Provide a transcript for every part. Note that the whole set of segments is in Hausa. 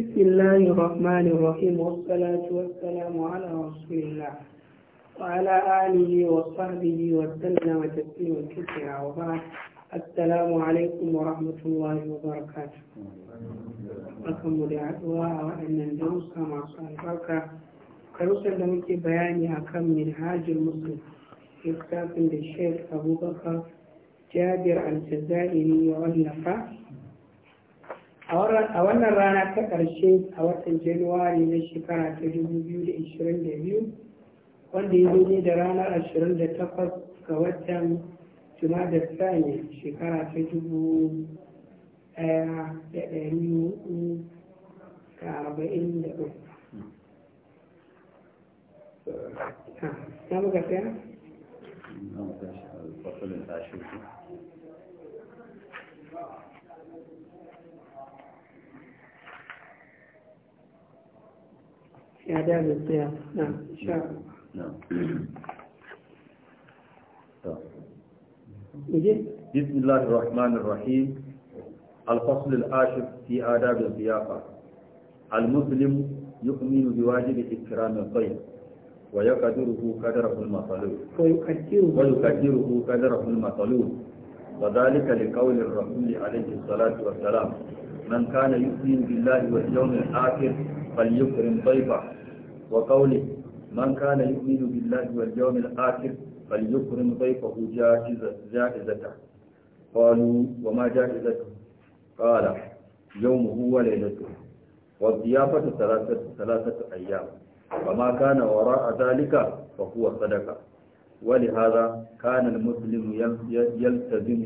بسم الله الرحمن الرحيم والصلاة والسلام على رسول الله وعلى آله وصحبه وسلم تسليما كثيرا وبعد السلام عليكم ورحمة الله وبركاته barkanmu da haɗuwa a waɗannan darussa masu albarka karusan da muke bayani a kan minhajin muslim da sheikh abubakar jabir al ne ya wallafa a wannan rana ta ƙarshe a watan januwari na shekara ta 2022 wanda ya zo da ranar 28 ga watan da sani shekara ta 1443 hmm. ah, na muka tsaya? na muka tsaya آداب الصيام نعم إن شاء الله نعم بسم الله الرحمن الرحيم الفصل العاشر في آداب الضيافة المسلم يؤمن بواجب إكرام الضيف ويقدره قدره المطلوب ويقدره قدره المطلوب وذلك لقول الرسول عليه الصلاة والسلام من كان يؤمن بالله واليوم الآخر فليكرم ضيفه وقوله من كان يؤمن بالله واليوم الآخر فليكرم ضيفه جائزته قالوا وما جائزته قال يومه وليلته والضيافة ثلاثة, ثلاثة أيام وما كان وراء ذلك فهو صدقة ولهذا كان المسلم يلتزم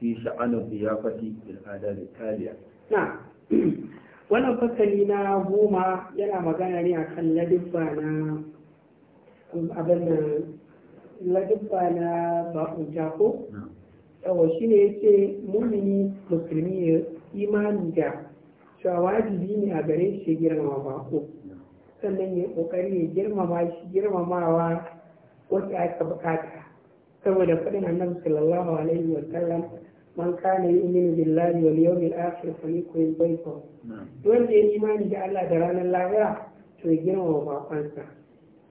في شأن الضيافة بالآداب التالية نعم wannan fasali na goma yana magana ne kan ladibba na abin da ladibba na bakunta jako yawa shi ne ya ce mumini musulmi ya imani da cewa ne a gare shi girmama bako sannan ya ƙoƙari ya girmama shi girmamawa wacce aka bukata saboda faɗin annabi sallallahu alaihi wa sallam man kana yu'minu billahi wal yawmil akhir falyakrim dayfahu wanda ya imani da Allah da ranar lahira to ya girmama bakonsa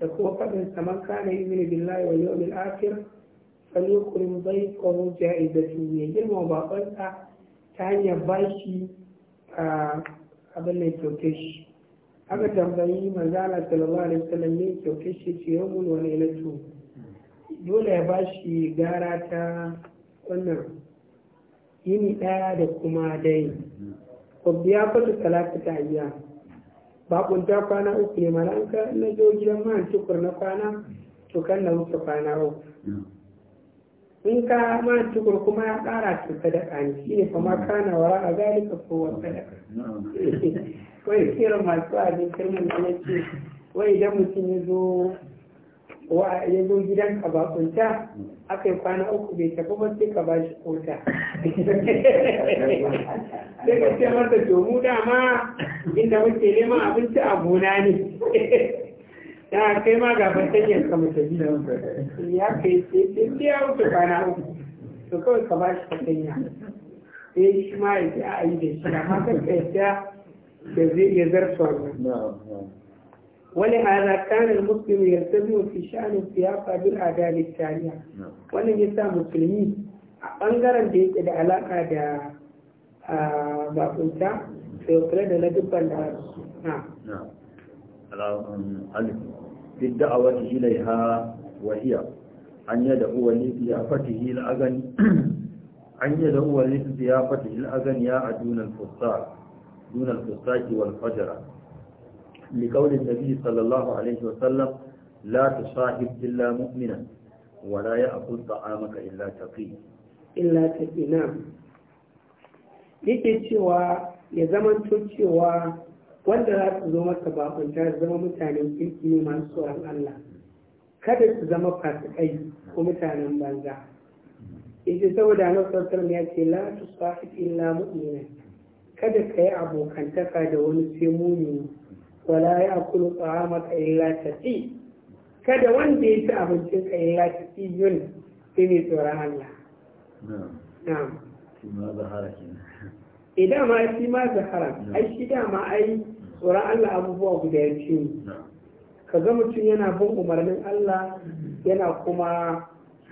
da kuma faɗin sa man kana yu'minu billahi wal yawmil akhir falyakrim dayfahu ja'izatu ya girmama bakonsa ta hanyar bashi abin da kyautar shi aka tambayi manzala sallallahu alaihi wasallam ne kyautar shi ce yawmul wa lailatu dole ya bashi gara ta wannan yini ɗaya da kuma dai ko ya fasu talata ta iya bakun ta kwana uku ne mana ka na zo gidan ma tukur na kwana to kan na wuce kwana uku in ka ma tukur kuma ya ƙara to sadaka ne shi ne kuma kana wara a zalika ko wa sadaka wai kiran masu abin kirmin da wai idan mutum ya zo wa ya zo gidan ka ba kunta aka yi kwana uku bai tafi ba sai ka ba shi kunta sai ka ce masa domu dama inda muke neman abinci a gona ne Na kai ma ga fatanyar ka mace gida ya kai sai sai ya wuce kwana uku to kawai ka ba shi fatanya sai shi ma ya ce a yi da shi amma kan ka yadda da zai iya zartuwa ولهذا كان المسلم يلتزم في شأن السياسة بالآداب التالية wannan نعم. yasa مسلمين أنظر ɓangaren da yake da في da bakunta sai نعم da نعم. في الدعوة إليها وهي أن يدعو لضيافته الأغني أن يدعو لضيافته الأغنياء دون الفصاح دون الفصاح والفجرة لقول النبي صلى الله عليه وسلم لا تصاحب إلا مؤمنا ولا يأكل طعامك إلا تقي إلا تقي نعم yake cewa ya zamanto wanda za su zo masa bakunta zama mutanen kirki ne masu tsoron Allah kada su zama fasikai ko mutanen banza ita saboda na sautar ya ce la tusafi illa mu'mina kada ka yi abokantaka da wani sai mumini wala ya akulu ta'amaka illa ci? kada wanda ya ci abincin ka illa taqiyun ne tsoron Allah idan ma shi ma zahara ai shi dama ai tsoron Allah abubuwa guda ya ce ka ga mutum yana bin umarnin Allah yana kuma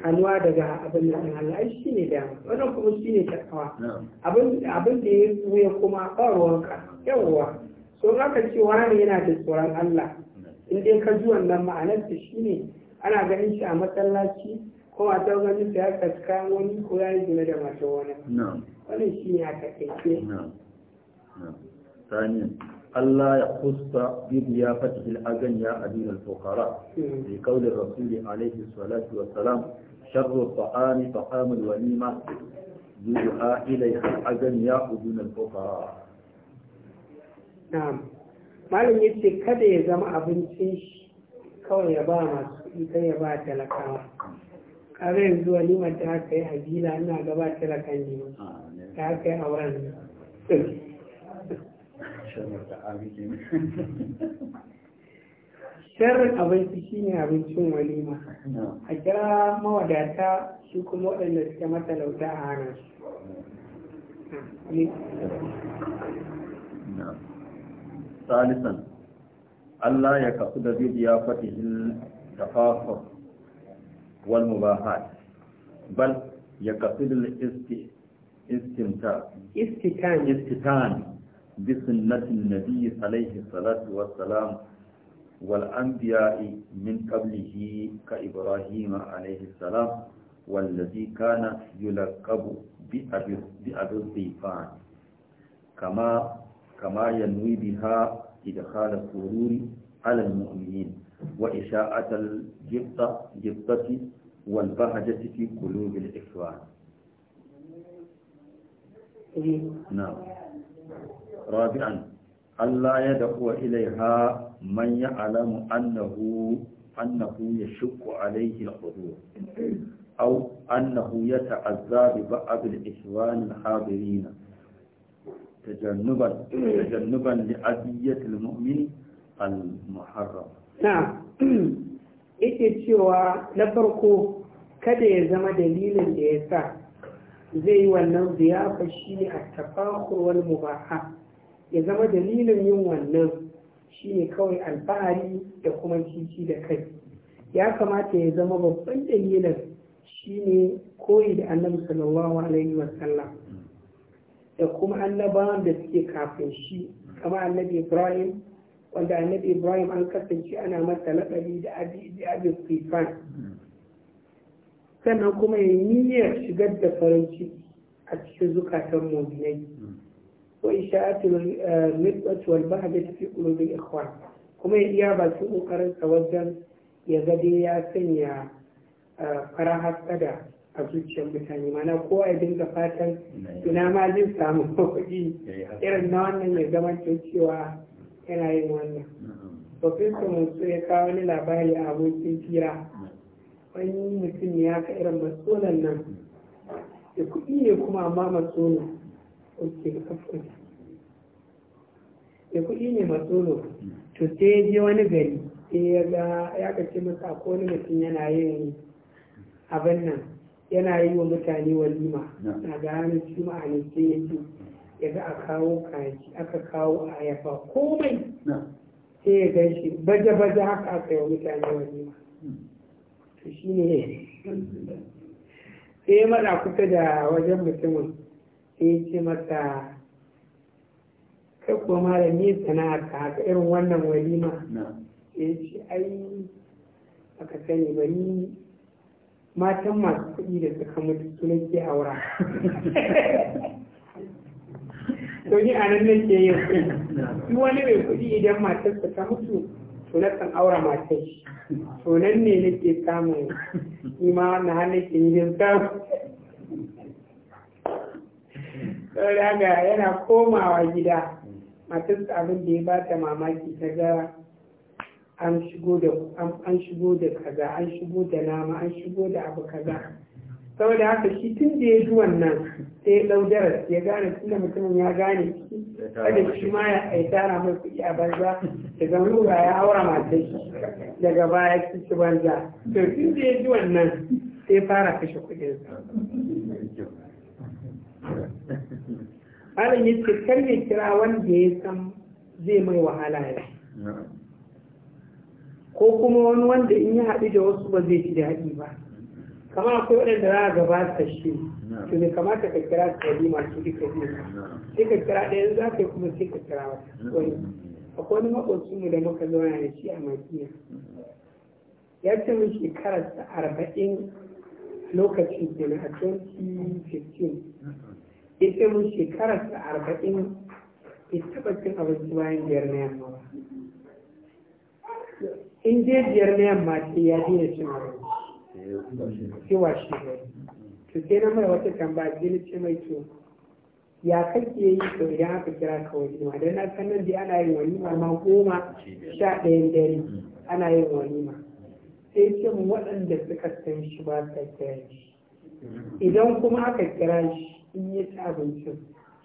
hannuwa daga abin da Allah ai shi ne dama wannan kuma shi ne takawa abin da ya zo ya kuma ba ruwanka yawwa sun haka ce ranar yana da tsoron Allah in dai ka ji wannan ma'anar ta shi ne ana ganin shi a matsalaci ko a ta wani ta ya kaska wani ko ya yi gina da mata wani wani shi ne a kakaice sani Allah ya kusa bibi ya fata fil agan ya adina al-fuqara hmm. bi qawli rasul alayhi salatu wa salam sharru ta'ami ta'amul walima yu'a ilayhi agan ya adina al-fuqara na'am malam ya ce kada ya zama abincin shi kawai ya ba masu ita ya ba talakawa kare yanzu walimar ta haka yi habila ina gaba talakan ah, ne ta haka yi auren sharrin abinci shi ne abincin walima a kira mawadata shi kuma waɗanda suke matalauta a hannun ثالثا ألا يقصد بضيافته التفاخر والمباهات بل يكفد الاستمتاع استكان استكان بسنة النبي عليه الصلاة والسلام والأنبياء من قبله كإبراهيم عليه السلام والذي كان يلقب بأبي الضيفان كما كما ينوي بها إدخال السرور على المؤمنين وإشاعة الجبطة جبطة والبهجة في قلوب الإخوان نعم رابعا ألا يدعو إليها من يعلم أنه أنه يشك عليه الحضور أو أنه يتعزى ببعض الإخوان الحاضرين تجنبا تجنبا لأذية المؤمن المحرم نعم ita cewa na farko kada ya zama dalilin da ya sa zai yi wannan ziyafa shi a a tafakurwar mubaha ya zama dalilin yin wannan shi ne kawai alfahari da kuma cici da kai ya kamata ya zama babban dalilin shi ne koyi da annabi sallallahu alaihi wasallam da kuma annabawan da suke kafin shi kamar annabi ibrahim wanda annabi ibrahim an kasance ana masa laƙari da abin sifan sannan kuma ya niyyar shigar da farin ciki a cikin zukatan muminai wa isha'atul mitwat eh, wal bahdat fi qulubi ikhwan kuma ya iya ba su kokarin sa wajen ya ga dai ya sanya eh, fara kada a zuciyar mutane mana kowa ya dinga fatan ina ma zai samu kuɗi irin na wannan ya zama cewa yana yin wannan profesa musu ya kawo wani labari a abokin fira wani mutum ya ka irin matsonan nan da kuɗi ne kuma amma matsono ok kafin da kuɗi ne matsono hmm. to sai ya je wani gari sai ya ga ya kace masa ko wani mutum yana yin abin nan yana yi wa mutane walima na ga ranar juma'a ne sai ya ce ya ga a kawo kaji aka kawo ayafa komai sai ya gan shi baje-baje haka aka yi wa mutane walima hmm. to shi ne sai ya mara kusa da wajen mutumin sai ya ce masa kai kuwa malam ne sana'ar ka haka irin wannan walima sai ya ce ai aka sani ba ni matan masu kuɗi da suka mutu su ke aura to ni a nan nake yin kuɗi wani mai kuɗi idan matarsa ta mutu to na kan aura matar shi to nan ne nake samun ima na hannun ke yin samu saboda yana komawa gida matarsa abin da ya ba ta mamaki ta gara. an shigo da kaza an shigo da nama an shigo da abu kaza saboda haka shi tun da ya ji wannan sai ya ya gane tun da mutumin ya gane kada shi ma ya aitara mai kuɗi a banza daga nura ya aura mata shi daga baya ya ci banza to tun da ya ji wannan sai fara kashe kuɗin sa malam yace kar ya kira wanda ya san zai mai wahala ya ko kuma wani wanda in yi haɗu da wasu ba zai ji daɗi ba kama akwai waɗanda za a gabata shi to ne kamata ka kira su wani masu duka biyu sai ka kira ɗayan za ka yi kuma sai ka kira wani akwai wani mu da muka zauna da shi a makiya ya ce min sa arba'in lokacin na a 2015 ya ce min sa arba'in bai taɓa cin abinci bayan biyar na yamma ba in biyar na yamma ce ya daina cin abinci sai washe shi to sai na mai wata tambaya sai na ce mai to ya kake yi to idan aka kira ka ma? Da na san nan ana yin walima ma goma sha ɗayan dare ana yin walima sai ce mu waɗanda suka san shi ba sa kira shi idan kuma aka kira shi in ya ci abincin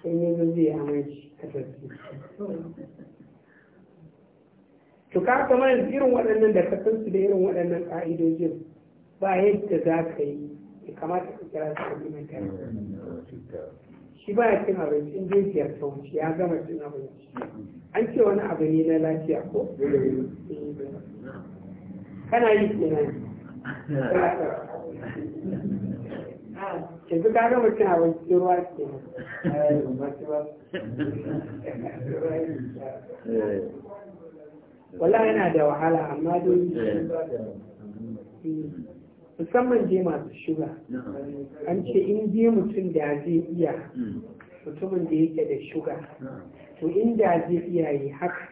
sai yi zai amince a tafi to ka kama yanzu irin waɗannan da ka san su da irin waɗannan ƙa'idojin ba yadda za ka yi ya kamata ka kira su kai, shi ba ya cin abinci in dai biyar ta wuce ya gama cin abinci an ce wani abu ne na lafiya ko kana yi kenan yanzu ka gama cin abinci ruwa ke nan eh, wala yana da wahala amma dai eh. musamman je masu shuga an ce in je mutum da zai iya hmm. mutumin da yake da shuga to inda zai iya yi haka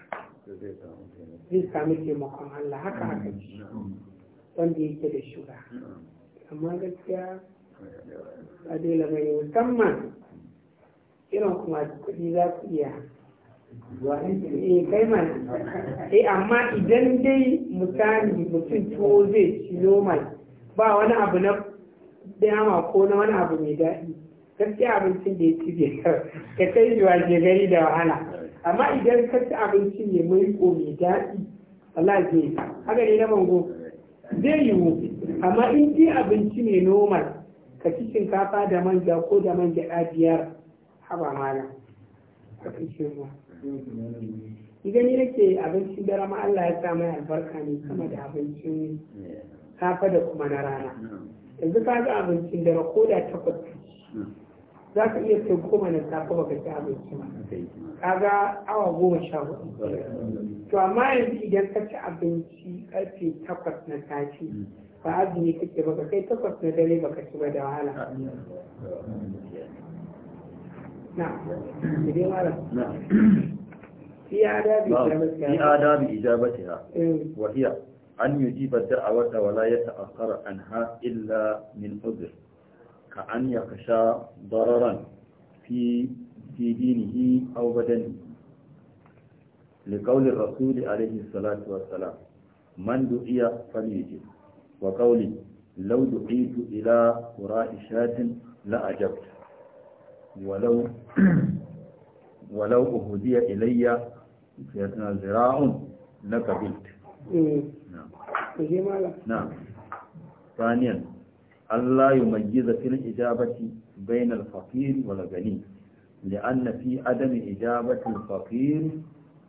zai sami taimakon Allah haka haka hmm. ci wanda yake da shuga amma gaskiya a dole mai musamman irin kuma kuɗi za ku iya eh kai ma eh amma idan dai misali mutum to zai ci mai ba wani abu na dama ko na wani abu mai daɗi gaskiya abincin da ya ci zai ka kai zuwa gari da wahala amma idan ka ci abinci mai maiko mai daɗi Allah zai haka ne na bango zai yiwu amma in ci abinci mai normal ka ci shinkafa da manja ko da manja biyar haba mana ka fi idan yake abincin dare ma Allah ya sa mai albarka ne sama da abincin safe da kuma na rana yanzu ka ga abincin dare ko da takwas za ka iya kai goma na safe baka ci abinci ba ka ga awa goma sha hudu to amma yanzu idan ka ci abinci karfe takwas na safe ba azumi kake baka kai takwas na dare baka ci ba da wahala نعم. نعم في آداب نعم. إجابتها إيه. وهي أن يجيب الدعوة ولا يتأخر عنها إلا من عذر كأن يخشى ضررا في في دينه أو بدنه لقول الرسول عليه الصلاة والسلام من دعي فليجب وقولي لو دعيت إلى قراء شاة لأجبت ولو أهدي إلي ilayya زراع na kabilt إيه. نعم. إيه نعم ثانيا ألا يميز في الإجابة بين الفقير والغني لأن في عدم إجابة الفقير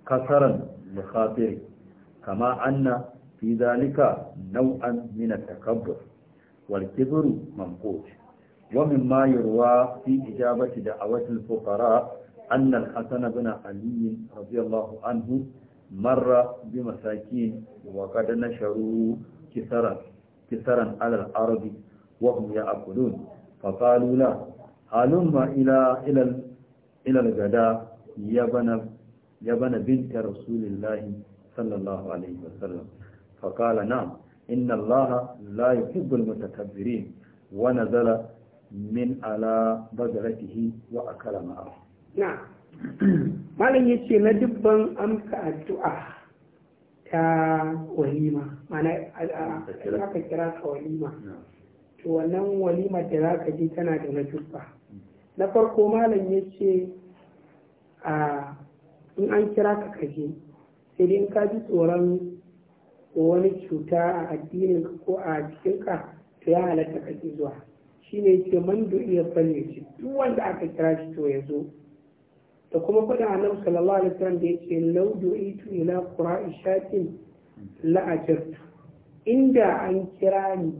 كسرا لخاطره كما أن في ذلك نوعا من التكبر والكبر منقوش ومما يروى في إجابة دعوة الفقراء أن الحسن بن علي رضي الله عنه مر بمساكين وقد نشروا كثرا كثرا على الأرض وهم يأكلون فقالوا له هلم إلى إلى إلى الغداء يبن يبن بنت رسول الله صلى الله عليه وسلم فقال نعم إن الله لا يحب المتكبرين ونزل min ala bazaratihi wa akala ma'a na malam yace na dubban amka addu'a ta walima mana ka kira ka walima to wannan walima da za ka ji tana da na dubba na farko malam yace a in an kira ka kaje sai dai in ka ji tsoron wani cuta a addinin ko a jikinka to ya halatta ka zuwa shine ke man du'iya shi duk wanda aka kira shi to ya zo da kuma faɗin annabi sallallahu alaihi wasallam da yake law du'itu ila qura'i shatin la ajirtu inda an kira ni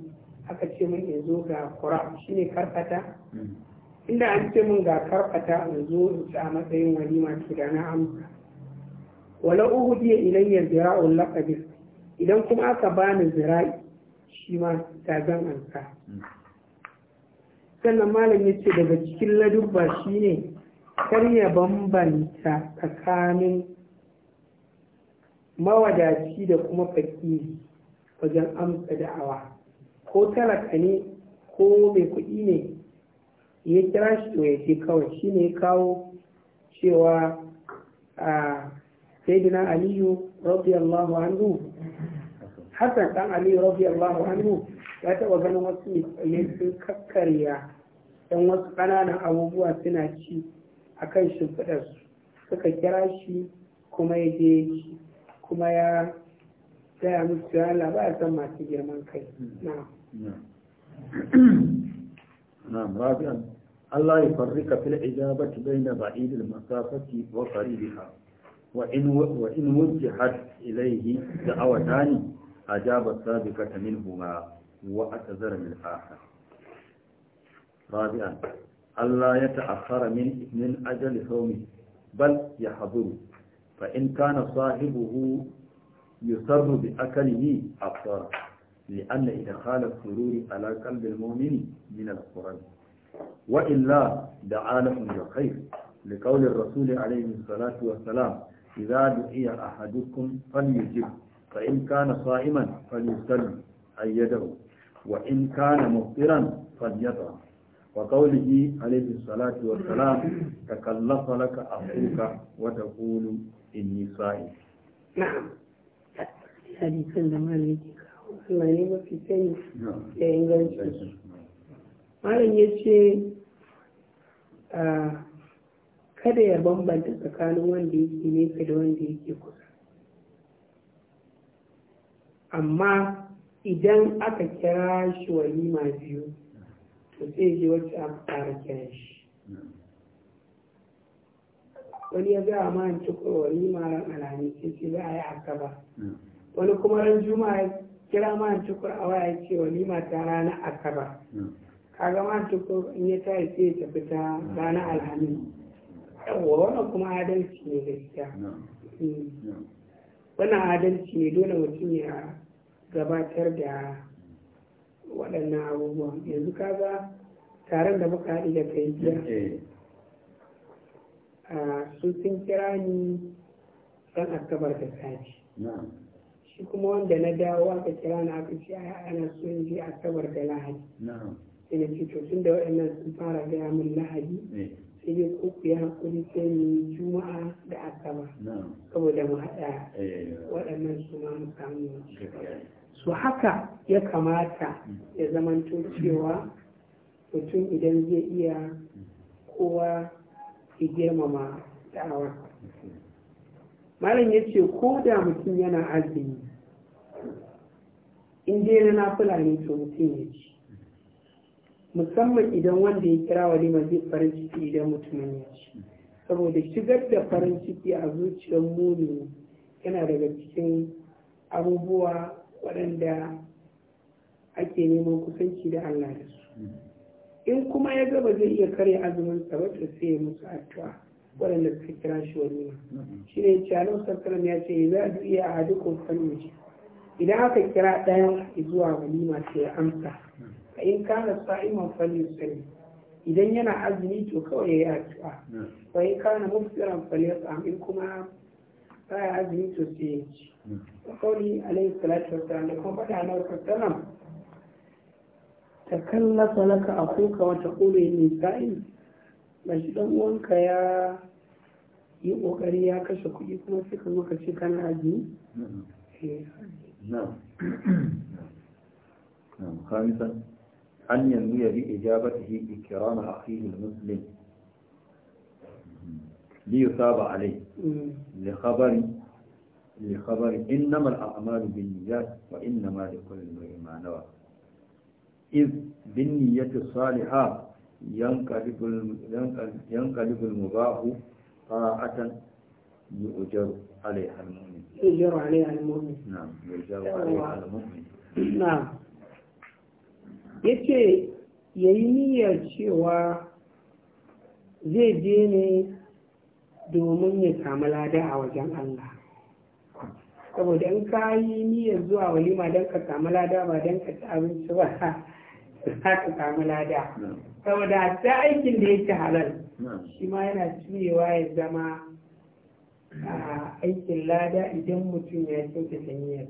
aka ce min ya zo ga qura shine karfata hmm. inda an ce min ga karfata in zo in ci a matsayin walima to da na amsa wala uhdiya ilayya zira'ul laqabis idan kuma aka bani zira'i shi ma ta zan ansa hmm. sannan malam ya ce daga cikin ladubba shi ne ya bambanta tsakanin mawadaci da kuma fakiri wajen amsa da'awa ko talaka ne ko mai kuɗi ne ya kira shi to ya kawai shi ne kawo cewa a saidina aliyu radiyallahu anhu hasan dan aliyu radiyallahu anhu ya taɓa ganin wasu mutane sun kakkarya don wasu kananan abubuwa suna ci a kan shimfiɗarsu suka kira shi kuma ya je ci kuma ya gaya musu ya labar san masu girman kai na rabi'an Allah ya farrika fil ijabati bayna ba'id al masafati wa qaribiha wa in wa in wujjihat ilayhi da'awatani ajaba sabiqatan minhuma وأتذر من آخر رابعا ألا يتأخر من من أجل صومه بل يحضره فإن كان صاحبه يسر بأكله أبصار لأن إدخال السرور على قلب المؤمن من القرآن وإلا دعا لهم الخير لقول الرسول عليه الصلاة والسلام إذا دعي أحدكم فليجب فإن كان صائما فليسلم أيده وإن كان مفطرا فليطعم وقوله عليه الصلاة والسلام تكلف لك أخوك وتقول إني صائم نعم حديث الزمان Allah ne da kada ya bambanta tsakanin wanda yake nesa da wanda yake kusa. Amma idan aka kira shi walima biyu to sai je wacce aka fara kira shi wani ya gaya ma ci walima ran alhani sai sai za a yi ba wani kuma ran juma ya kira ma ci a waya ce walima ta rana asaba kaga ma ci in ya tashi sai ya tafi ta rana alhamis yawwa wannan kuma adalci ne gaskiya hmm. wannan adalci ne dole mutum ya gabatar da waɗannan abubuwan yanzu kaga taron da muka haɗu da kai jiya mm-hmm. su sun kira ni ɗan asabar da sati shi kuma wanda na dawo aka kira ni aka ce ana so in asabar da lahadi sai to tun da waɗannan sun fara gaya min lahadi eh. sai uku ya ku hakuri sai mu juma'a da asaba saboda mu haɗa eh. waɗannan su ma mu samu su haka ya kamata ya zamanto cewa mutum idan zai iya kowa ya girmama da'awar malam ya ce ko da mutum yana azumi in dai na nafula ne to mutum ya ci musamman idan wanda ya kira walima zai farin ciki idan mutumin ya ci saboda shigar da farin ciki a zuciyar muni yana daga cikin abubuwa waɗanda ake neman kusanci da Allah da su in kuma ya gaba zai iya karya azumin sa ba sai ya musu addu'a waɗanda suka kira shi walima shi ne ce alau sassalam ya ce za a iya a duk wani idan aka kira ɗayan zuwa walima sai ya amsa fa in kana sa'iman falyusalli idan yana azumi to kawai ya addu'a fa in kana mufsiran falyat'am in kuma baya azumi to sai ya ci da kauli alaihi salatu wassalam da kuma faɗa na wasallam takallafa laka akuka wa taqulu inni sa'im bashi dan uwanka ya yi ƙoƙari, ya kashe kuɗi kuma sai ka zo ce kana azumi أن ينوي بإجابته إكرام أخيه المسلم ليثاب عليه لخبر لخبر إنما الأعمال بالنيات وإنما لكل امرئ ما نوى إذ بالنية الصالحة ينقلب ينقلب المباح طاعة يؤجر عليها المؤمن يؤجر عليها المؤمن نعم يؤجر عليها المؤمن نعم ya ce ya yi niyyar cewa zai je ne domin ya samu lada a wajen Allah saboda in ka yi niyyar zuwa walima don ka samu lada ba don ka ci abinci ba za ka samu lada saboda ta aikin da yake halal shi ma yana cirewa ya zama a aikin lada idan mutum ya ta niyyar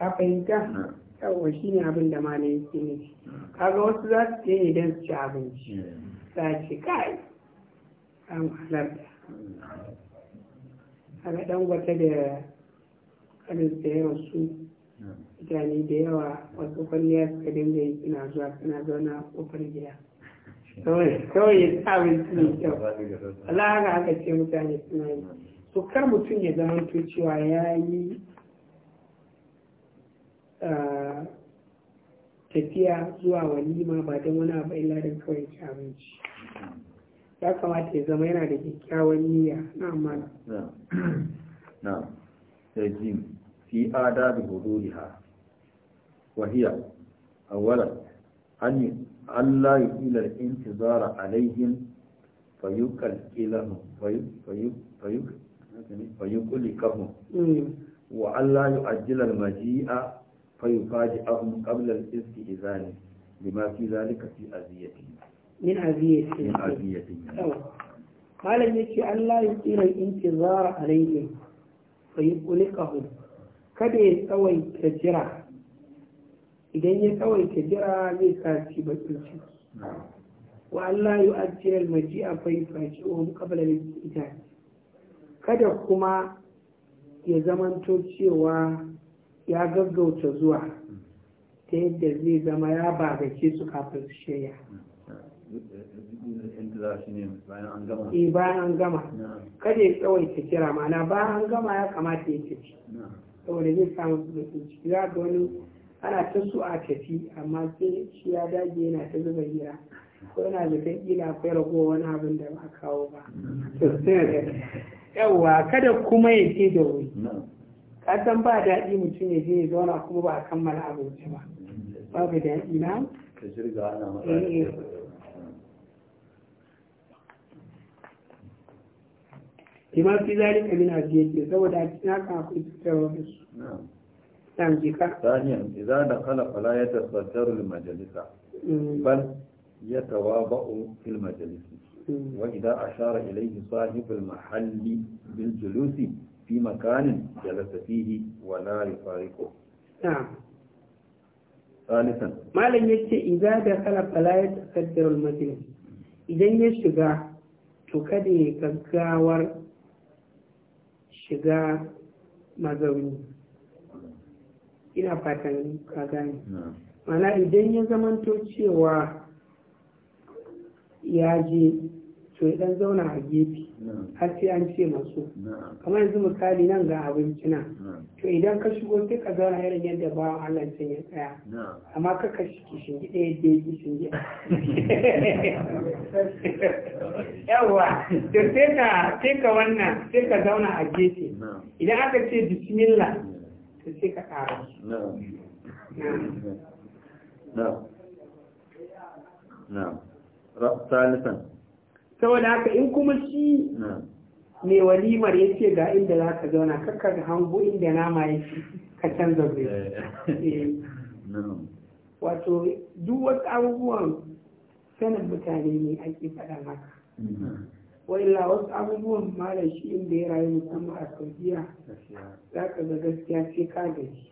ka fahimta yawon shi ne abin da mana yake nufi kaga wasu za su ce ne don su ci abinci za ce kai an halarta kaga dan wata da kanin da yawa su mutane da yawa wasu kwalliya suka dinga yi suna zuwa suna zauna a kofar gida kawai ya ci abinci ne kyau Allah haka aka ce mutane suna yi so kar mutum ya zama cewa ya yi tafiya zuwa walima ba don wani abu illa don kawai ci abinci ya kamata ya zama yana da kyakkyawan niyya na amana na da jim fi adabi huduriha wahiya awwala an Allah ya kula da intizara alaihim fayukal ilanu fayuk fayuk mm. wa Allah ya ajjila majia فيفاجئهم قبل الاستئذان لما في ذلك في أذيته من أذيته من أذيته قال يكي أن لا يطيل الانتظار عليهم فيقلقهم kada ya tsawaita jira idan ya tsawaita jira zai sa shi bakin ciki wa Allah yu ajiyar maji a faifaci ohun iski ita kada kuma ya zamanto cewa ya gaggauta zuwa ta yadda zai zama ya ba ke su kafin su shirya e bayan an gama kada ya ta kira mana bayan an gama ya kamata ya tafi saboda zai samu su da ciki za ga wani ana ta su a tafi amma sai shi ya dage yana ta zuba hira ko yana kan kila akwai ragowa wani abin da ba kawo ba yawwa kada kuma ya ce da wuri kasan ba daɗi mutum ya je ya zauna kuma ba a kammala abinci ba babu daɗi na lima eh. fi zalin abin hajji yake saboda a cikin haka akwai cutarwa da su nan jika saniyan idan da kala fala ya tasaddaru majalisa hmm. bal ya tawaba'u fil majalisi hmm. wa idan ashara ilayhi sahibul mahalli bil julusi في مكان جلس فيه wa يفارقه ثالثا ما yace idza da kala فلا ya taqaddaru إذا majlis idan ya shiga to kada ya shiga ina fatan ka gane mana idan ya zamanto cewa ya je to ya zauna a gefe har sai an ce masu kamar yanzu misali nan ga abinci nan to idan ka shigo sai ka zauna irin yadda ba Allah can ya tsaya amma ka ka shi kishin gida je ya kishin gida to sai ka wannan sai ka zauna a gefe idan aka ce bismillah to sai ka ƙara na'am na'am ثالثا saboda haka in kuma shi mai walimar ya ce ga inda za ka zauna kakar hangu inda nama ya fi ka canza zai eh. Eh. wato duk wasu abubuwan sanin mutane ne ake faɗa maka la wasu abubuwan malam shi inda ya rayu musamman a saudiya za ka ga gaskiya sai ka gaji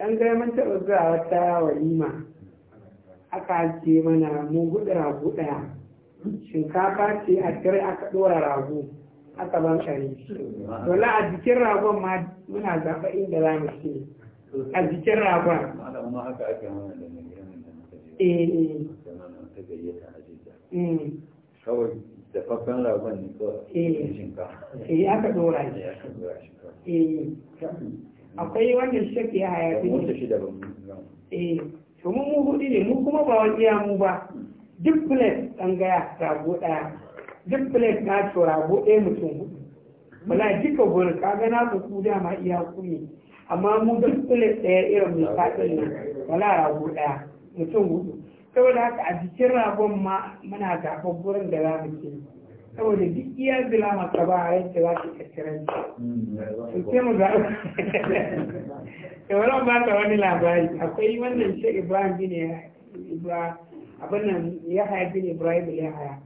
dan gaya taɓa zuwa wata walima aka ce mana mu guɗa rabu ɗaya shinkafa ce a tare aka ɗora rago a ban kare dole a jikin ragon ma muna zaɓa inda za mu ce a jikin ragon eh, eh. Mm. kawai dafaffen ragon ne kawai eh. shinkafa eh aka ɗora shi akwai wanda shek ya haya eh to mu hudu ne mu kuma ba wani mu ba duk plate tsangaya rago ɗaya duk plate na to rago ɗaya mutum hudu bala duka ka ga na ku ku dama iya ku ne amma mu duk plate ɗaya irin mai faɗin ne bala rago ɗaya mutum hudu saboda haka a jikin ragon ma muna zaɓar gurin da za mu ce saboda duk iya zila maka ba a yadda za su kakkiran su ce mu ga da wani ba ta wani labari akwai wannan shi ibrahim bin ya abin nan ya haya bin ibrahim ya haya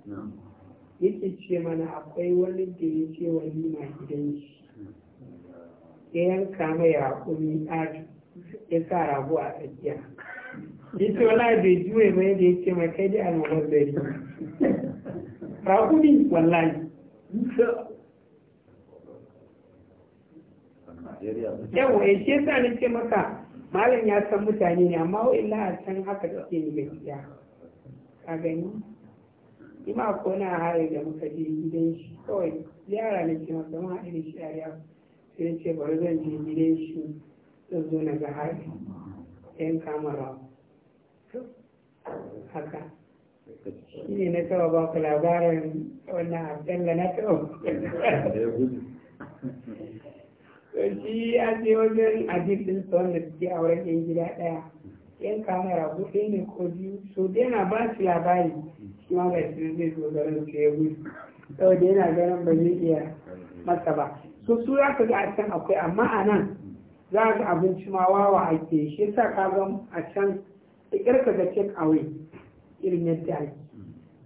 yake ce mana akwai wani da ya ce wa lima gidan shi ya yanka mai raƙumi ɗari ya sa rago a tsakiya ya ce wala bai juye mai da ya ce mai kai da al'ummar gari raƙumi wallahi Yau ya ce sa na ce maka malam ya san mutane ne amma wa'in la'a can haka ke ne gaskiya a gani ima ko na hari da muka je gidan shi kawai yara na ke masa ma da shi a riya sai ce bari zan je gidan shi zan zo na ga hari yan kamara haka shi ne na taba ba ku labarin wannan abdalla na taba shi ya je wajen ajiyar ɗinsa wanda suke auren yan gida ɗaya Yan kamara rago ne ko biyu so dai yana ba shi labari shi ma ga shi zai zo garin su ya gudu saboda yana ganin ba zai iya masa ba so su za ka ga a can akwai amma a nan za ga abinci ma wawa ake shi sa ka ga a can da ka da take away irin yadda ake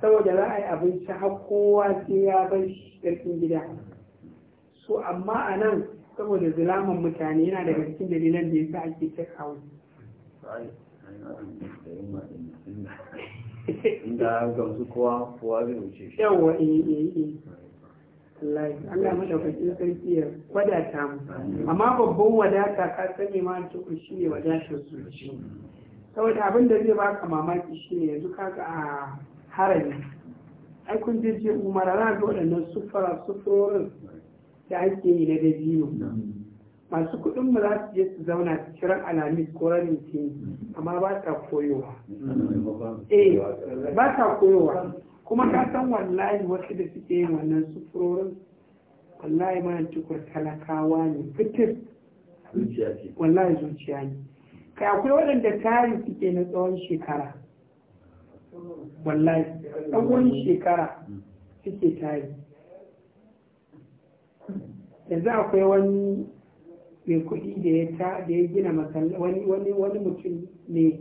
saboda za a yi abinci har kowa sai ya bar shi ƙarfin gida so amma a nan saboda zulaman mutane yana daga cikin dalilan da yasa ake take away inda gamsu kowa kowa zai wuce shi yawa eh eh, eh. Allah Allah madaukakin sarki ya wadata mu amma babban wadata ka sani ma tukun shi ne wadatar zuci saboda abin da zai baka mamaki shi ne yanzu kaga a harami ai kun je je umara na ga waɗannan sufara sufurorin da ake yi na dabino masu kuɗin mu za su je su zauna su kiran alamis ko ranin tini amma ba ta koyowa eh ba ta koyowa kuma ka san wallahi wasu da suke yin wannan sufurorin wallahi ma tukur talakawa ne fitir wallahi zuciya ne kai akwai waɗanda tari suke na tsawon shekara wallahi tsawon shekara suke tari yanzu akwai wani mai kuɗi da ya ta da ya gina masallaci wani wani mutum ne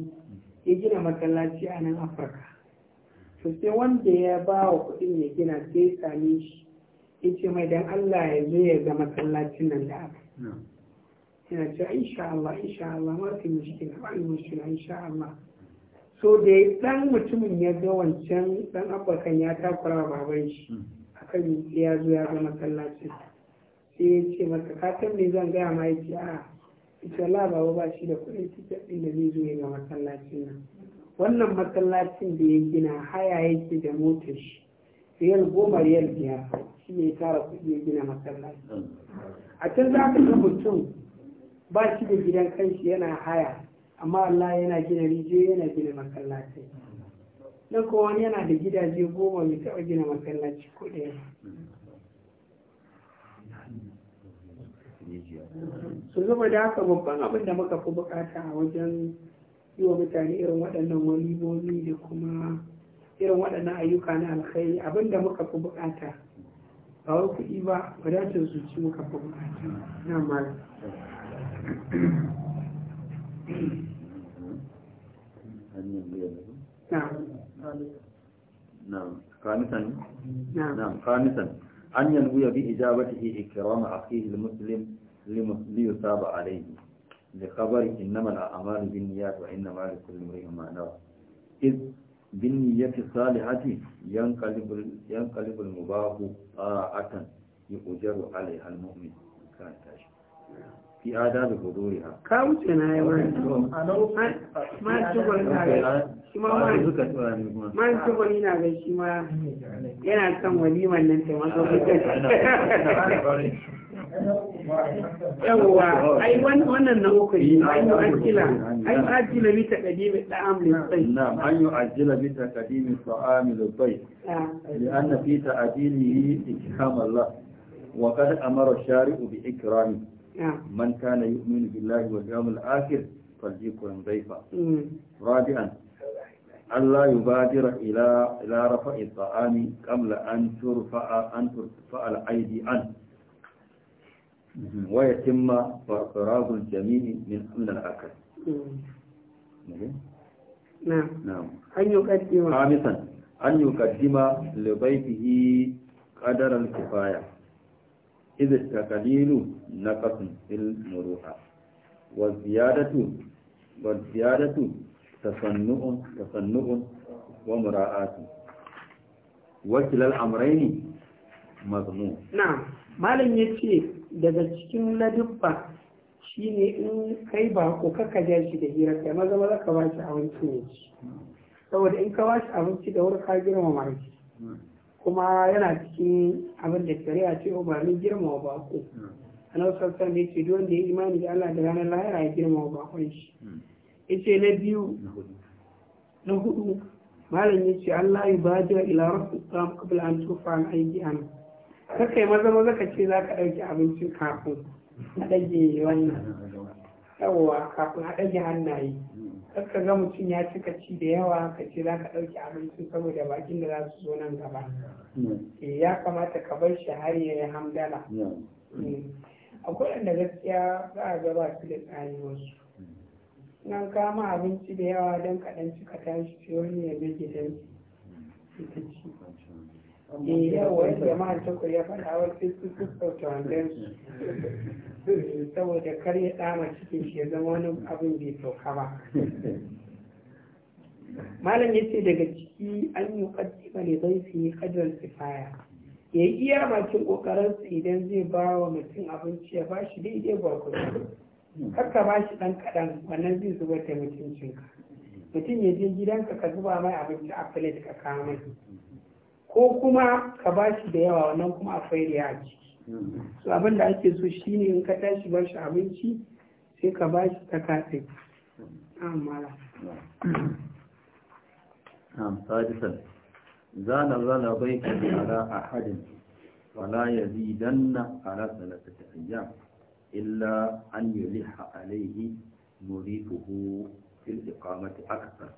ya gina masallaci a nan afirka to sai wanda ya ba wa kuɗin ya gina sai ya same shi ya ce mai dan allah ya zo ya ga masallacin nan da aka yana ce insha allah insha allah ma fi mushkila ba ni mushkila insha allah so da dan mutumin ya ga wancan dan abokan ya takura baban shi hmm. akan ya zo ya ga masallacin sai ya ce mata katon ne zan gaya ma ce a ita labawa ba shi da kudin tiket ɗin da zai zo ga masallacin nan wannan masallacin da ya gina haya yake da motar shi riyal goma riyal biyar shi ne tara kuɗi ya gina masallaci a can za ka ga mutum ba shi da gidan kanshi yana haya amma Allah yana gina rijiyoyi yana gina masallaci na kowane yana da gidaje goma mai taɓa gina masallaci ɗaya su zuba da haka babban abin da muka fi bukata a wajen yi wa mutane irin waɗannan walimomi da kuma irin waɗannan ayyuka na alkhairi abin da muka fi bukata ba wai kuɗi ba wadatar zuci muka fi bukata na mara نعم نعم liyusaba alaihi da kabar innamal a'malu binniyat wa innamal likulli imrin ma nawa iz binniyati salihati yanqalibul yanqalibul mubahu ta'atan yujaru alaiha almu'min kan tashi fi adabi huduriha ka wuce na yi ma tubali na gai shi ma ma tubali na gai shi ma yana son waliman nan taimakon fitar yawwa ai wannan na uku ne an yi ajila an yi ajila bi taqdimi da'am li tsai na'am an yi ajila bi taqdimi ta'am li tsai li'anna fi ta'dilihi ikram Allah wa qad amara shari'u bi ikrami man kana yu'minu billahi wal yawmil akhir falyakun dhayfa rabi'an ألا يبادر إلى إلى رفع الطعام قبل أن ترفع أن ترفع الأيدي عنه Mhm. wa yatimma fa qarabul jamini min amn al-akal mhm. na'am an yuqaddima khamisan an yuqaddima li baytihi qadara al-kifaya idh taqlilu naqasun fil muruha wa ziyadatu wa ziyadatu tasannu'un tasannu'un wa mura'atu wa kilal amrayni mazmum na'am malam yace daga cikin shi ne in kai ba ko kaka ja da hira kai maza maza ka ba shi abinci ne ci saboda in ka ba shi abinci da wuri ka girmama shi kuma yana cikin abin da shari'a ce ba ni girmama bako annabi sassan da yake duk wanda ya imani da Allah da ranar lahira ya girmama bakon shi yace na biyu na hudu malam yace Allah yubadi ila rabbi qam qabla an tufa an aydiana kakai maza maza ka ce za ka ɗauki abincin kafin a ɗage wannan yawwa kafin a ɗage hannaye ka ga mutum ya cika ci da yawa ka ce za ka ɗauki abincin saboda bakin da za su zo nan gaba eh, ya kamata ka bar shi har ya yi hamdala hmm. akwai wanda gaskiya za a gaba su da tsari wasu nan kama abinci da yawa don kaɗan ka tashi sai wani ya rage gidan ita ci yawa yadda mahaifinku ya faɗa wa sassauta wannan saboda kar ya dama cikin shi ya zama wani abin bai sauka ba malam ya ce daga ciki an yi kaddima ne zai su yi kadar sifaya ya yi iya bakin ƙoƙarinsu idan zai ba wa mutum abinci ya bashi daidai gwargwado kakka ba shi ɗan kaɗan wannan zai zubar da mutuncinka mutum ya je gidanka ka zuba mai abinci a filet ka kawo mai ko kuma ka ba shi da yawa wannan kuma akwai riya a ciki su abin da ake so shi ne in ka tashi ba shi abinci sai ka ba shi ta kafe amma la sadisan zana zana bai ka da a hadin wala ya zidan na ala salata ta illa an yi liha alaihi murifuhu fil iqamati akasar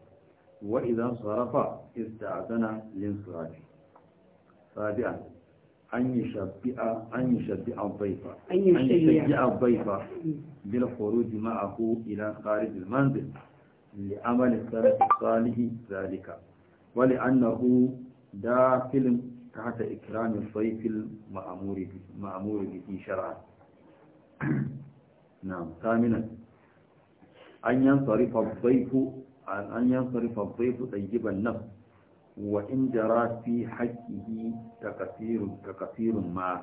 wa idan a zana lin surafi رابعا أن يشبع أن يشبئ الضيف أن يشبئ الضيف بالخروج معه إلى خارج المنزل لعمل السلف الصالح ذلك ولأنه داخل تحت إكرام الضيف المأمور المأمور به شرعا نعم ثامنا أن ينصرف الضيف أن ينصرف الضيف طيب النفس وإن جرى في حقه تكثير تكثير ما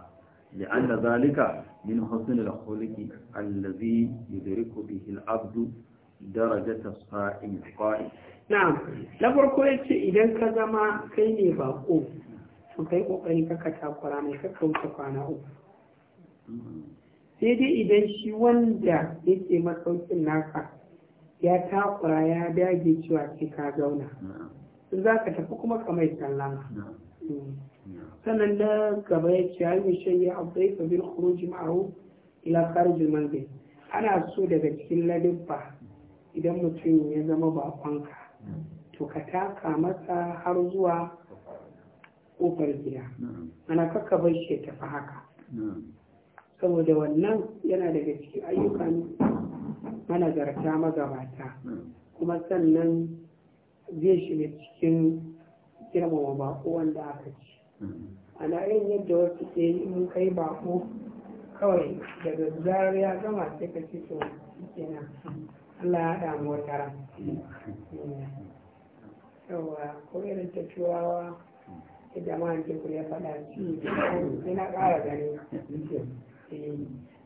لأن ذلك من حسن الخلق الذي يدرك به العبد درجة الصائم القائم نعم na farko ya ce idan ka zama kai ne bako to kai kokari ka kata mai ka kauce kwana uku sai dai idan shi wanda yake masaukin naka ya takura ya dage cewa sai ka zauna za ka tafi kuma kamar sallama mm. sannan da gaba ya ce yi mishan ya abdai fa bil khuruji ma'aru ila kharij manzai ana so daga cikin ladabba idan mutum ya zama bakonka to ka taka masa har zuwa kofar gida ana kakka bar shi ya tafi haka saboda wannan yana daga cikin ayyukan manazarta magabata kuma sannan zai shiga cikin girmama bako wanda aka ci ana yin yadda wasu ke yi in kai bako kawai daga zarar ya gama sai ka ci to kenan Allah ya damu wata ran yawa ko irin ta turawa idan ma an ku ya faɗa ci na ƙara gani eh,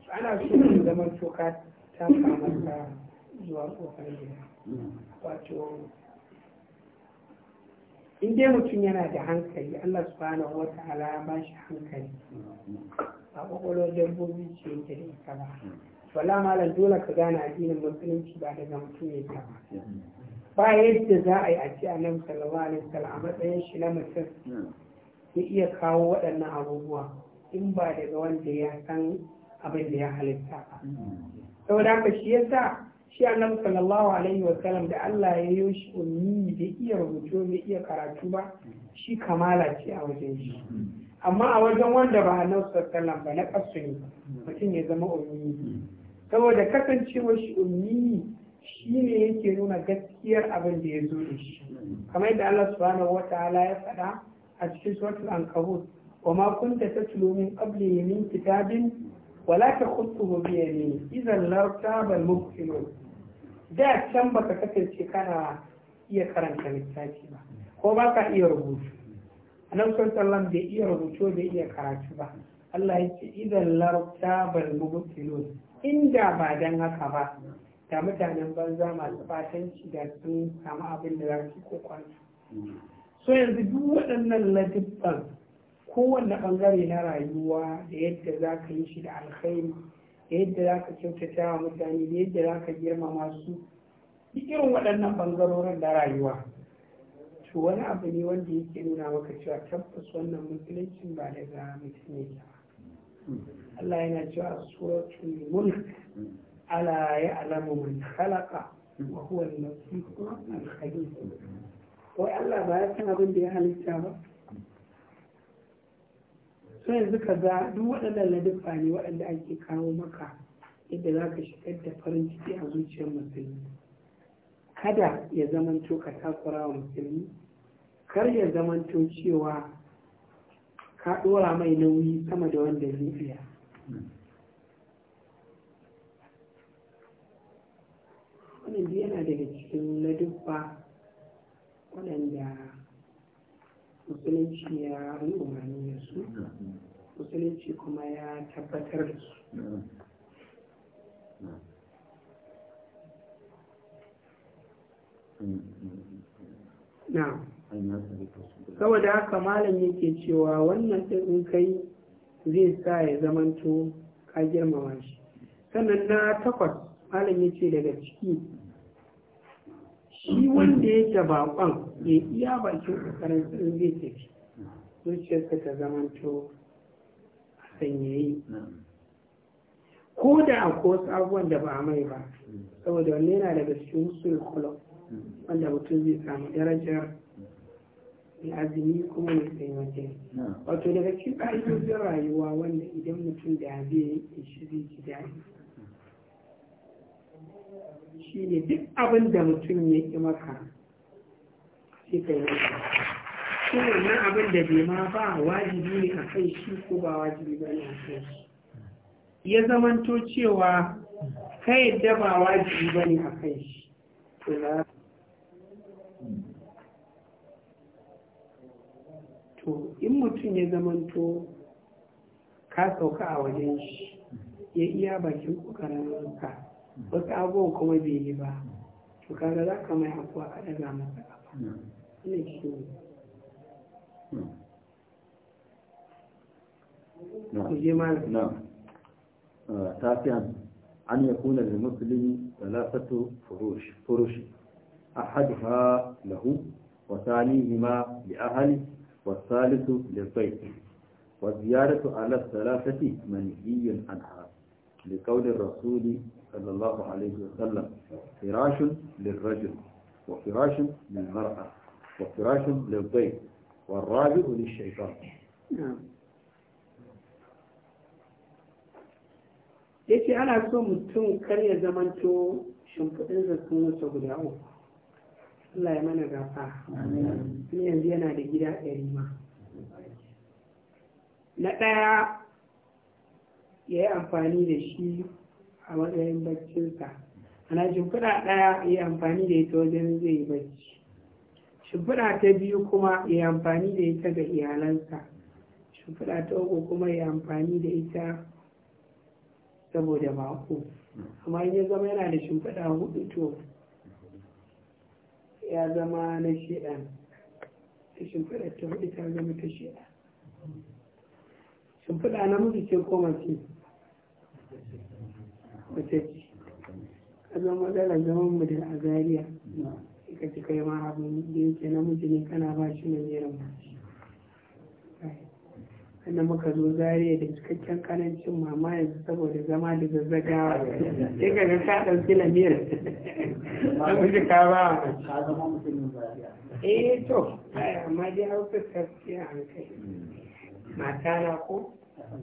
ana so su zama toka ta kamar zuwa ƙofar gida wato in dai mutum yana da hankali Allah subhanahu wa ta'ala ya ba shi hankali a kwakwalwar dabbobi ce yake da ita ba wala malam dole ka gane addinin musulunci ba daga mutum ya ta ba yadda za a yi a ce annabi sallallahu alaihi wasallam a matsayin shi na mutum ya iya kawo waɗannan abubuwa in ba daga wanda ya san abin da ya halitta ba saboda haka shi yasa shi nan, sallallahu alaihi wa sallam da Allah ya yi shi ummi da iya rubutu da iya karatu ba shi kamala ce a wajen shi amma a wajen wanda ba annabi sallallahu ba na kasu ne mutum ya zama ummi saboda kasancewar shi ummi shi ne yake nuna gaskiyar abin da ya zo da shi kamar yadda Allah subhanahu ta'ala ya faɗa a cikin suratul ankabut وما كنت تتلو من قبله من كتاب ولا تخطه بيمينك إذا لارتاب المبطلون da can baka kasance kana iya karanta littafi ba ko ba ka iya rubutu kan sallallahu bai iya rubutu bai iya karatu ba Allah ya ce idan larabta bal mubtilun inda ba dan haka ba da mutanen banza masu fatanci da sun samu abin da za su ko kwanta so yanzu duk waɗannan ladibban kowanne ɓangare na rayuwa da yadda za ka yi shi da alkhairi yadda za ka kyautata wa mutane da yadda za ka girmama su duk irin waɗannan ɓangarorin da rayuwa to wani abu ne wanda yake nuna maka cewa tabbas wannan musulunci ba daga mutum yake ba Allah yana cewa a suratul mulk ala ya alamu mai khalaqa wa huwa al-latif al-khabir Allah ba ya san abin da ya halitta ba sai yanzu ka ga duk waɗannan ladabba ne waɗanda ake kawo maka yadda za ka shigar da farin ciki a zuciyar musulmi kada ya zamanto ka takura wa musulmi kar ya zamanto cewa ka ɗora mai nauyi sama da wanda zai iya wannan yana daga cikin ladabba waɗanda musulunci ya yi umarni da su musulunci kuma ya tabbatar da su na saboda haka malam yake cewa wannan in kai zai sa ya zamanto ka girmama shi sannan na takwas malam ya daga ciki shi wanda ya yake bakon ya iya bakin kokarin in zai tafi zuciyarsa ta zamanto a sanyayi ko da a ko sabuwan da ba a mai ba saboda wanne yana daga cikin usul kulo wanda mutum zai samu darajar ya azumi kuma mai taimake wato daga cikin ƙa'idojin rayuwa wanda idan mutum da zai yi shi zai ji daɗi ne duk abin da mutum ya ƙi maka shi ka yi shi wannan abin da bai ma ba wajibi ne a kai shi ko ba wajibi ba ne a kai shi ya zamanto cewa kai yadda ba wajibi ba ne a kai shi to in mutum ya zamanto ka sauka a wajen shi ya iya bakin ƙoƙarin ka wasu abubuwan kuma bai yi ba to kaga za ka mai hakuwa a daga masa kafa wannan shi ne ku je malam تاسعا أن يكون للمسلم ثلاثة فروش أحدها له وثانيهما لأهله والثالث للبيت والزيارة على الثلاثة منهي عنها لقول الرسول صلى الله عليه وسلم فراش للرجل وفراش للمرأة وفراش للضيف والراجع للشيطان نعم yace ana so mutum kar ya zamanto shimfiɗinsa sun wuce guda uku Allah ya mana gafa tun yanzu yana da gida ɗari ma na ɗaya ya yi amfani da shi a matsayin baccinsa ana shimfiɗa ɗaya ya amfani da ita wajen zai yi bacci shimfiɗa ta biyu kuma ya amfani da ita ga iyalansa shimfiɗa ta uku kuma ya amfani da ita saboda mako amma in ya zama yana da shimfiɗa hudu to ya zama na shiɗan ta shimfiɗa ta hudu ta zama ta shiɗan shimfiɗa mutu ce ko mace fitacci a zan matsalar zaman mu da azariya ka ci kai ma abin da yake namiji ne kana ba shi gajeren bashi wanda muka zo zariya da cikakken karancin mama yanzu saboda zama da zazzagawa sai ka ga ka ɗauki lamiyar namiji ka ba wa eh to amma dai hausa tafiya an kai. mata na ko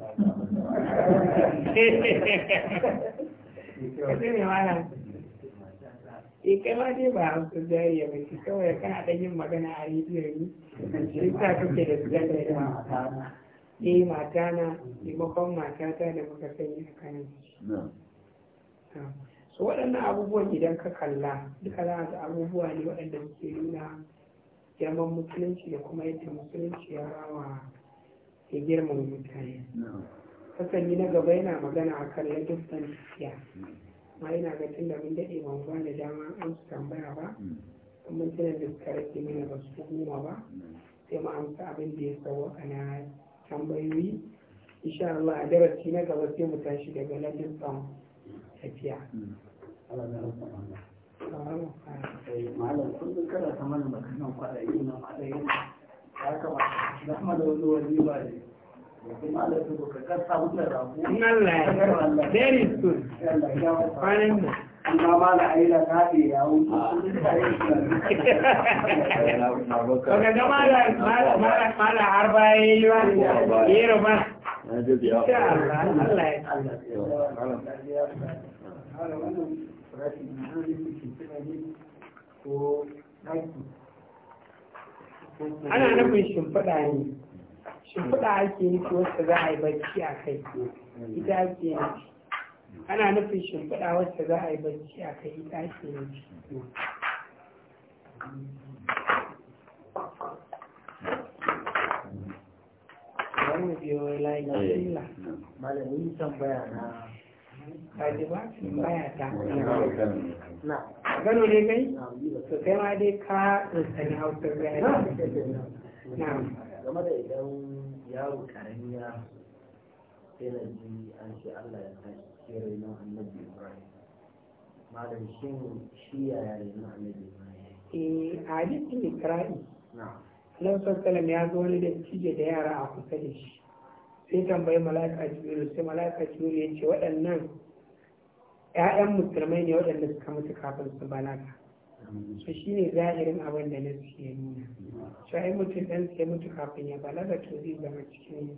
E kai ma dai ba hausa jariya ba ce kawai kana ɗan yin magana a rediyo ne. Shi sa kake da zanga da mata. Eh mata na, mata ta da muka sani a So waɗannan abubuwan idan ka kalla duka za su abubuwa ne waɗanda muke na, girman musulunci da kuma yadda musulunci ya rawa ya girmama mutane. yi na gaba yana magana a kan lagistan tafiya ma yana ga tun da mun daɗe ban ba da dama an su tambaya ba kuma tunan da suka rage mana ba su goma ba sai mu amsa abin da ya sawo a na tambayoyi insha Allah a darasi na gaba sai mu tashi daga lagistan tafiya. Eh, malam mana na da kuma da Allah da yi ya ana nufin shimfiɗa ne shimfiɗa ake nufi wacce za a yi barci a kai ita ake nufi ana nufin shimfiɗa wacce za a yi barci a kai ita ake nufi bari mu biyo layi illa malamin tambaya na kaji ba tambaya ta na gano ne kai to kai ma dai ka tsani hausar bayan na game da idan yaro karami ya sai na ji an ce Allah ya tashi ke rainon annabi Ibrahim malam shin shi ya na annabi Ibrahim eh hadisin Ibrahim na'am Alaihi Salam ya zo wani da cije da yara a kusa da shi sai tambayi mala'ika Jibril sai mala'ika Jibril ya ce waɗannan ‘ya'yan musulmai ne waɗanda suka mutu kafin su balaga to shine zahirin abin da na ya nuna to ai mutum dan sai mutu kafin ya balaga to zai zama cikin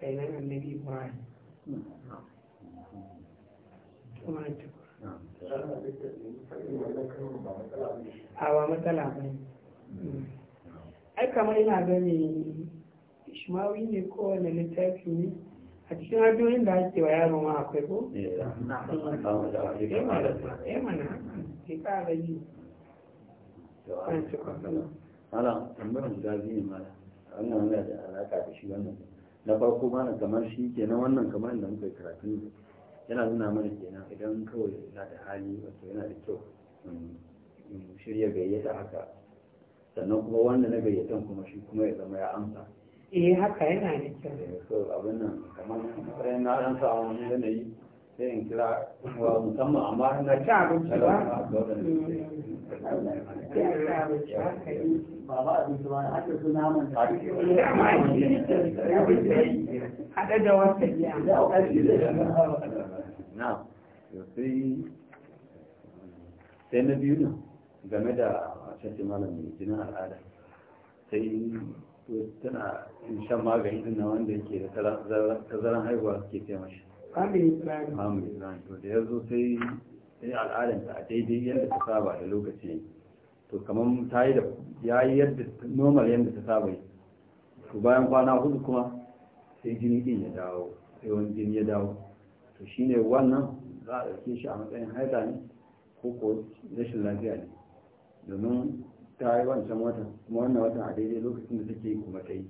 bayanan annabi ibrahim a wa matsala ba ne ai kamar yana gani ishmawi ne kowane littafi ne a cikin hanyoyin da ake wa yaro ma akwai ko? ya eh, eh, mana eh, ya ƙara yi ala tambayar guda biyu ne mala wannan yana da alaka da shi wannan na farko mana kamar shi kenan wannan kamar da muka karatun yana nuna mana kenan idan kawai yana da hali wato yana da kyau shirya gayyata haka sannan kuma wanda na gayyatan kuma shi kuma ya zama ya amsa eh haka yana da kyau eh, abin nan kamar na ran sa wani yanayi sai in kira wa musamman amma na ci abinci ba ba ba abinci ba haka su naman da ake sai na biyu ne game da shafi malamin jinin al'ada sai tana shan magani na wanda yake da tazaran haihuwa ke taimashi kamun isra'ila kamun isra'ila to da ya zo sai sai al'adanta a daidai yadda ta saba da lokaci to kamar ta yi da ya yi yadda normal yadda ta saba yi to bayan kwana hudu kuma sai jini din ya dawo sai wani jini ya dawo to shi ne wannan za a ɗauke shi a matsayin haida ne ko ko rashin lafiya ne domin ta yi wancan watan kuma wannan watan a daidai lokacin da take kuma ta yi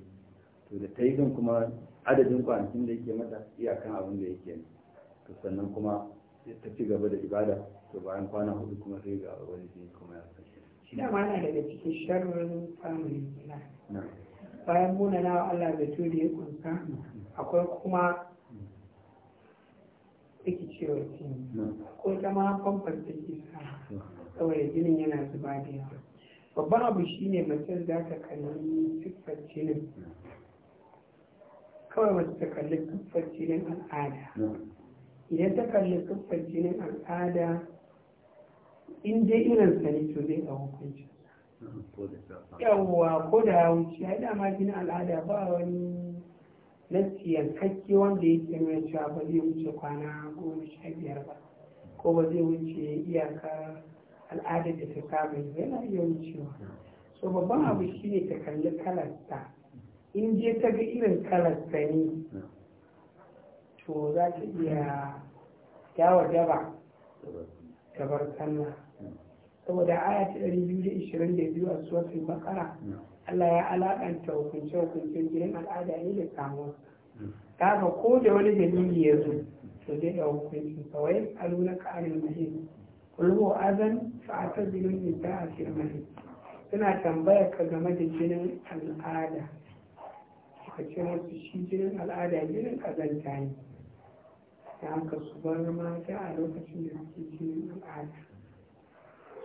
to da ta yi zan kuma adadin kwanakin da yake mata iyakan abin da yake to sannan kuma ta ci gaba da ibada to bayan kwana hudu kuma sai ga wani jini kuma ya sake shi da ma yana daga cikin sharrin samun na bayan muna na Allah da da ya kunsa akwai kuma rikicewar jini ko ta ma famfar da ke sa saboda jinin yana zuba da yawa babban abu shine mutum za ka kalli siffar jinin kawai mace ta kalli siffar jinin al'ada idan ta kalli siffar jinin al'ada in dai irin sani to zai a hukunci yawwa ko da ya wuce ya dama jinin al'ada ba wani nassi yankakke wanda yake mai cewa ba zai wuce kwana goma sha biyar ba ko ba zai wuce iyaka al'adar da ta kama yana iya wucewa so babban abu shine ta kalli kalasta. in je ta ga irin kalarsa ne to za ta iya yawa daba gabar sallah saboda aya ta ɗari biyu da ishirin da biyu a suwatul bakara Allah ya alaƙanta hukunce hukuncen gidan al'ada ne da samuwa kaga ko da wani dalili ya zo to zai da hukuncin sa wai na ƙarin anil mahid kullu azan fa atazilu nisaa a firmani suna tambaya ka game da jinin al'ada a ce musu shi jinin al'ada jinin kazanta ne da haka su bar mata a lokacin da suke jinin al'ada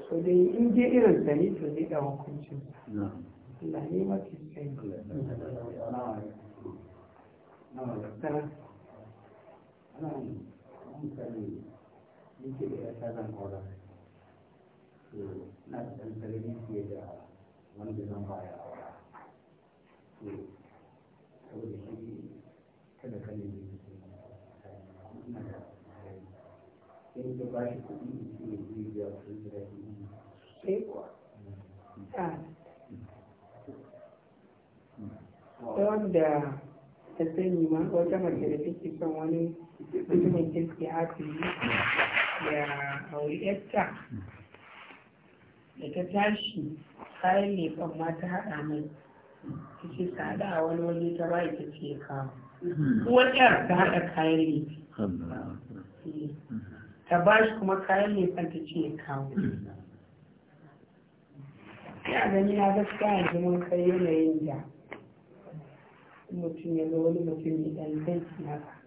so dai in je irin sa ne to zai ɗau hukuncin Allah ne mafi sai na da da wanda baya saboda shi kada ka ne in ka ba shi kuɗi da shi ne zai biya su sai kuwa ta wanda ta sani ma wata mace da take son wani mutumin kirki hafi da auriyarta da ta tashi kayan leƙon ma ta haɗa mai ta ce tsada a wani waje ta ba ita ce ya kama hmm. uwar yar ta haɗa kayan lefi ta ba shi kuma kayan lefan ta ce ya kawo ya gani na gaskiya yanzu mun kai yanayin da mutum ya zo wani mutum ya ɗan zai haka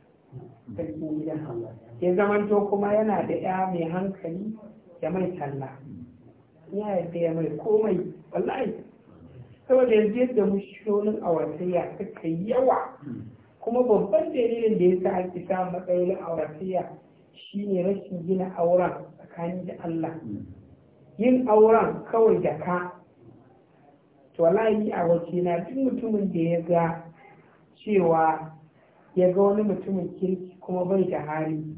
sarkin gidan ya zamanto kuma yana da ya mai hankali ya mai talla ya yadda ya mai komai wallahi saboda yanzu yadda mushkilolin auratayya suka yi yawa kuma babban dalilin da ya sa ake samun matsayin auratayya shine rashin gina auren tsakanin da Allah yin auren kawai da ka to wallahi a wace na duk mutumin da ya ga cewa ya ga wani mutumin kirki kuma bai da hali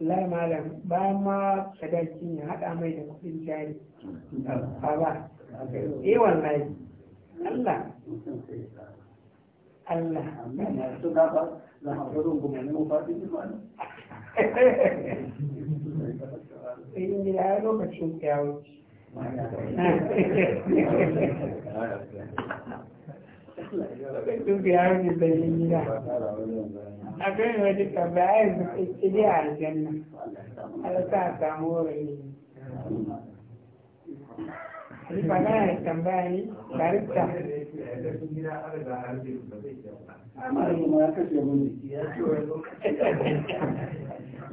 wallahi malam bayan ma sadakin ya haɗa mai da kuɗin jari ba ba eh wallahi Allah Allah mana su kuma ne fadi ba ya lokacin ya bayan gida. da ta ni ba na tambaya ni barista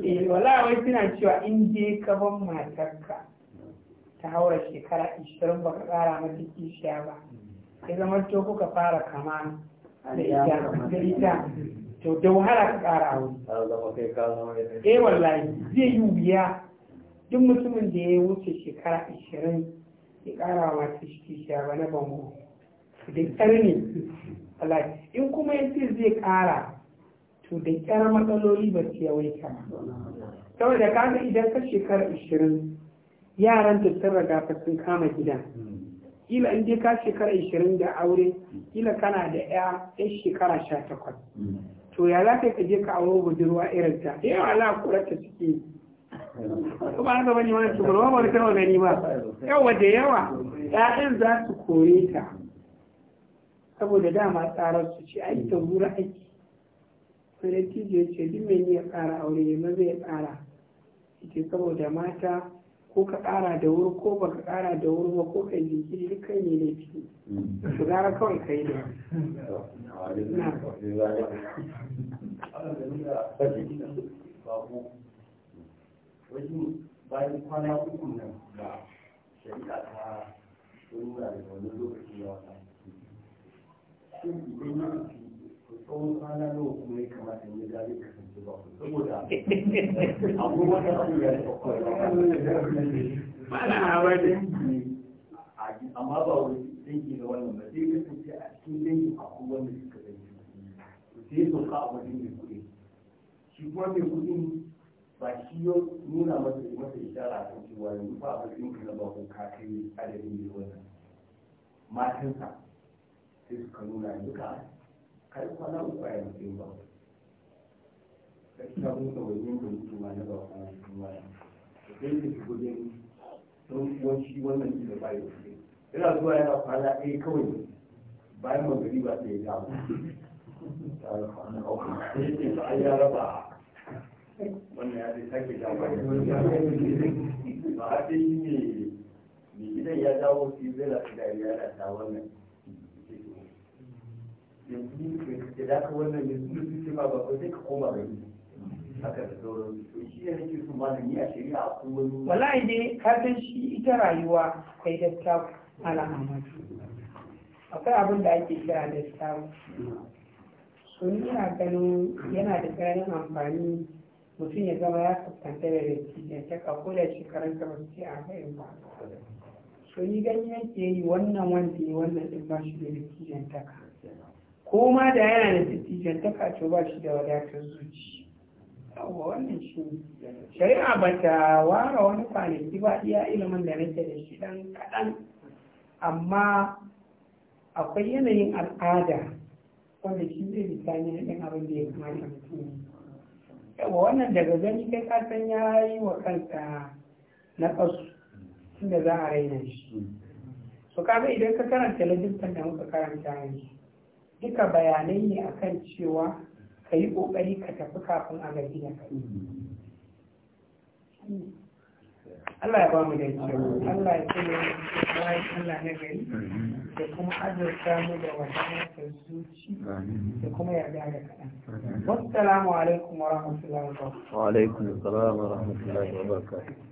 eh wala wai suna cewa in je ka ban matarka ta haura shekara ba baka kara mata kishiya ba ya zama to kuka fara kama da ita to da wahala ka kara eh wallahi zai yi wuya duk mutumin da ya wuce shekara ishirin. kara wa masu shi ba na bango da ƙyar ne Allah in kuma ya zai ƙara to da ƙyar matsaloli ba su yawaita saboda kaga idan ka shekara ishirin yaran ta sun raga fa sun kama gida kila in dai ka shekara ishirin da aure kila kana da ya shekara sha takwas to ya za ka je ka aure budurwa irin ta yawa na kurata suke kuma haka bane wani su ba wani gani ba yawa da yawa ƴaƴan za su kore ta saboda dama tsarar su ce ai ta wura aiki sai da ce duk mai ya tsara aure ya maza ya tsara ita saboda mata ko ka tsara da wuri ko baka tsara da wuri ba ko ka yi jinkiri duk kai ne laifi su gara kawai ka yi da wajen bayan kwana uku nan da shari'a ta nuna da wani lokaci ya wata shin idan ya fi tsawon kwana nawa kuma ya kamata ya ga zai kasance ba ku saboda abubuwan da su ya taɓa kwana ba na amma ba wani dangi da wannan ba zai kasance a cikin dangi akwai wanda suka zai sai sauka a wajen mai kuɗi shi kuma mai kuɗi. ba shi nuna masa masa ishara a cewa yanzu ba a cikin ka na bako ka kai adadin da wannan matansa sai suka nuna yanzu ka kai kwana uku a yanzu ba ka ita mun ka wajen da mutuwa na bako na cikin wani da sai da shi gudun don kuwan shi wannan ji ba bayan shi yana zuwa yana kwana ɗaya kawai bayan magari ba sai ya dawo ya raba wannan ya zai sake ba a yi ne mai gidan ya dawo su zai lafi wannan yanzu da daga wannan ne su su ce ba ba ko sai ka koma yi haka da sauran su shi nake su a shari'a a wallahi dai ka san shi ita rayuwa kai da ta akwai abin da ake kira da ganin yana da ƙaramin amfani mutum ya zama ya fuskanta da ne ta kako da shekarun ka basu a arba'in ba so yi gani yake yi wannan wanda yi wannan din ba shi da ne ta ka ko ma da yana da ne ta ka to ba shi da wadatar zuci yawwa wannan shi shari'a ba ta ware wani kwanaki ba iya ilimin da nake da shi dan kaɗan amma akwai yanayin al'ada wanda shi zai bisani na ɗan abin da ya kamata mutum yawa wannan daga gani kai kasan ya yi wa kansa na ƙasu inda za a raina shi su kaga idan ka karanta lajistan da muka karanta yanzu duka bayanai ne akan cewa ka yi ƙoƙari ka tafi kafin a gaji da kai Allah ya ba mu da kyau Allah ya ce Allah ya nagari da kuma azurta mu da wadatar zuci da kuma yarda da kaɗan. salamu alaikum wa rahmatullahi wa barakatuh. Wa alaikum salam wa rahmatullahi wa barakatuh.